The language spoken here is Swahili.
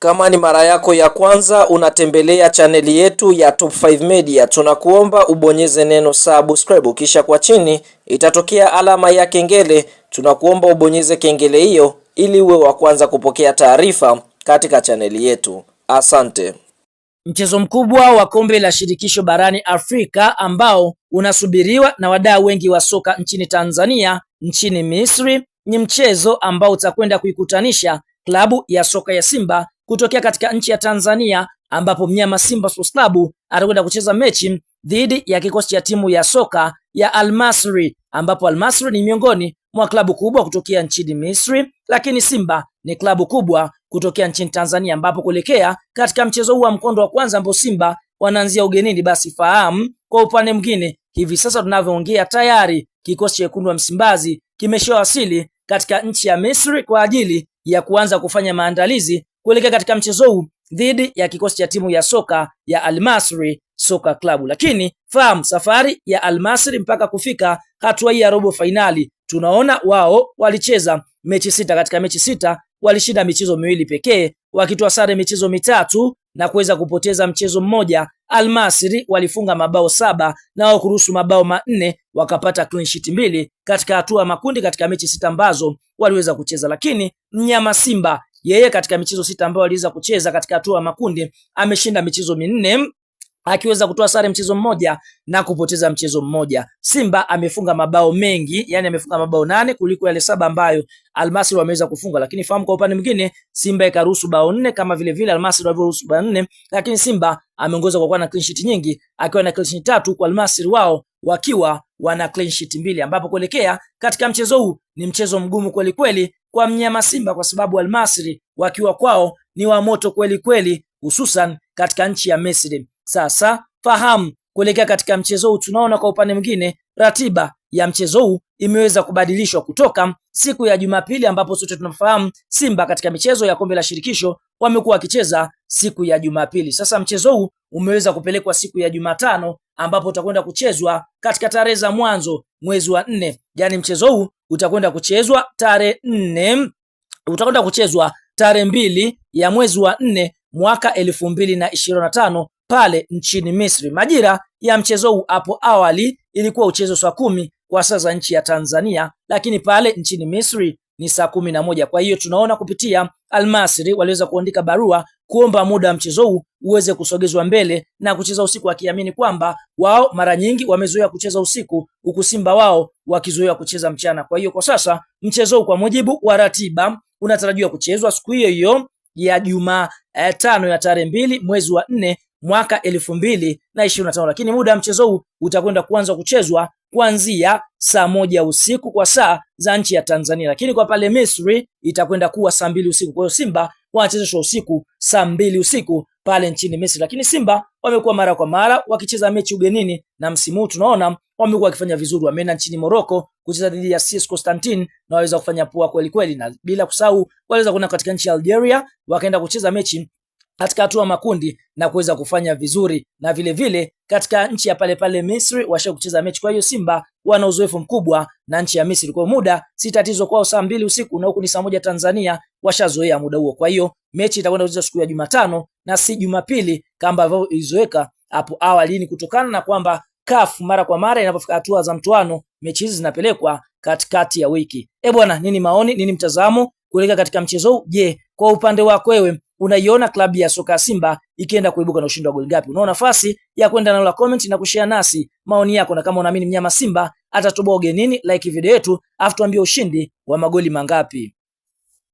Kama ni mara yako ya kwanza unatembelea chaneli yetu ya Top 5 Media, tunakuomba ubonyeze neno subscribe, kisha kwa chini itatokea alama ya kengele. Tunakuomba ubonyeze kengele hiyo ili uwe wa kwanza kupokea taarifa katika chaneli yetu. Asante. Mchezo mkubwa wa kombe la shirikisho barani Afrika ambao unasubiriwa na wadau wengi wa soka nchini Tanzania, nchini Misri, ni mchezo ambao utakwenda kuikutanisha klabu ya soka ya Simba kutokea katika nchi ya Tanzania ambapo mnyama Simba Sports Club atakwenda kucheza mechi dhidi ya kikosi cha timu ya soka ya Almasri ambapo Almasri ni miongoni mwa klabu kubwa kutokea nchini Misri, lakini Simba ni klabu kubwa kutokea nchini Tanzania, ambapo kuelekea katika mchezo huu wa mkondo wa kwanza ambapo Simba wanaanzia ugenini, basi fahamu kwa upande mwingine, hivi sasa tunavyoongea, tayari kikosi cha wekundu wa Msimbazi kimeshawasili katika nchi ya Misri kwa ajili ya kuanza kufanya maandalizi kuelekea katika mchezo huu dhidi ya kikosi cha timu ya soka ya Almasri Soka Club. Lakini fahamu safari ya Almasri mpaka kufika hatua hii ya robo fainali, tunaona wao walicheza mechi sita. Katika mechi sita walishinda michezo miwili pekee, wakitoa sare michezo mitatu na kuweza kupoteza mchezo mmoja. Almasri walifunga mabao saba na wao kuruhusu mabao manne, wakapata clean sheet mbili katika hatua makundi, katika mechi sita ambazo waliweza kucheza. Lakini mnyama Simba yeye katika michezo sita ambayo aliweza kucheza katika hatua ya makundi ameshinda michezo minne akiweza kutoa sare mchezo mmoja na kupoteza mchezo mmoja. Simba amefunga mabao mengi, yani amefunga mabao nane kuliko yale saba ambayo Almasri wameweza kufunga, lakini fahamu kwa upande mwingine Simba ikaruhusu bao nne kama vile vile Almasri walivyoruhusu bao nne, lakini Simba ameongoza kwa kuwa na clean sheet nyingi, akiwa na clean sheet tatu kwa Almasri wao wakiwa wana clean sheet mbili, ambapo kuelekea katika mchezo huu ni mchezo mgumu kweli kweli kwa mnyama Simba kwa sababu Almasri wakiwa kwao ni wa moto kweli kweli, hususan katika nchi ya Misri. Sasa fahamu kuelekea katika mchezo huu, tunaona kwa upande mwingine ratiba ya mchezo huu imeweza kubadilishwa kutoka siku ya Jumapili ambapo sote tunafahamu Simba katika michezo ya kombe la shirikisho wamekuwa wakicheza siku ya Jumapili. Sasa mchezo huu umeweza kupelekwa siku ya Jumatano ambapo utakwenda kuchezwa katika tarehe za mwanzo mwezi wa nne. Yani mchezo huu utakwenda kuchezwa tarehe nne, utakwenda kuchezwa tarehe mbili ya mwezi wa nne mwaka elfu mbili na ishirini na tano pale nchini Misri. Majira ya mchezo huu hapo awali ilikuwa uchezo saa kumi kwa saa za nchi ya Tanzania, lakini pale nchini Misri ni saa kumi na moja. Kwa hiyo tunaona kupitia Almasri waliweza kuandika barua kuomba muda wa mchezo huu uweze kusogezwa mbele na kucheza usiku, wakiamini kwamba wao mara nyingi wamezoea kucheza usiku, huku Simba wao wakizoea kucheza mchana. Kwa hiyo kwa sasa mchezo huu kwa mujibu wa ratiba unatarajiwa kuchezwa siku hiyo hiyo ya Jumatano ya tarehe mbili mwezi wa nne mwaka elfu mbili na ishirini na tano, lakini muda wa mchezo huu utakwenda kuanza kuchezwa kuanzia saa moja usiku kwa saa za nchi ya Tanzania, lakini kwa pale Misri itakwenda kuwa saa mbili usiku. Kwa hiyo Simba wanachezeshwa usiku saa mbili usiku pale nchini Misri, lakini Simba wamekuwa mara kwa mara wakicheza mechi ugenini na msimu huu tunaona wamekuwa wakifanya vizuri. Wameenda nchini Morocco kucheza dhidi ya CS Constantine na waweza kufanya poa kweli kweli, na bila kusahau waweza kwenda katika nchi ya Algeria wakaenda kucheza mechi katika hatua makundi na kuweza kufanya vizuri na vile vile katika nchi ya pale pale Misri washa kucheza mechi. Kwa hiyo Simba wana uzoefu mkubwa na nchi ya Misri, kwa muda si tatizo kwao, saa mbili usiku na huku ni saa moja Tanzania, washazoea muda huo. Kwa hiyo mechi itakwenda kucheza siku ya Jumatano na si Jumapili kama ambavyo ilizoweka hapo awali, ni kutokana na kwamba CAF mara kwa mara inapofika hatua za mtuano, mechi hizi zinapelekwa katikati ya wiki. Eh bwana, nini maoni, nini mtazamo kuelekea katika mchezo huu? Je, kwa upande wako wewe unaiona klabu ya soka ya Simba ikienda kuibuka na ushindi wa goli ngapi? Unao nafasi ya kwenda na la comment na kushare nasi maoni yako, na kama unaamini mnyama Simba atatoboa ugenini, like video yetu afu tuambie ushindi wa magoli mangapi.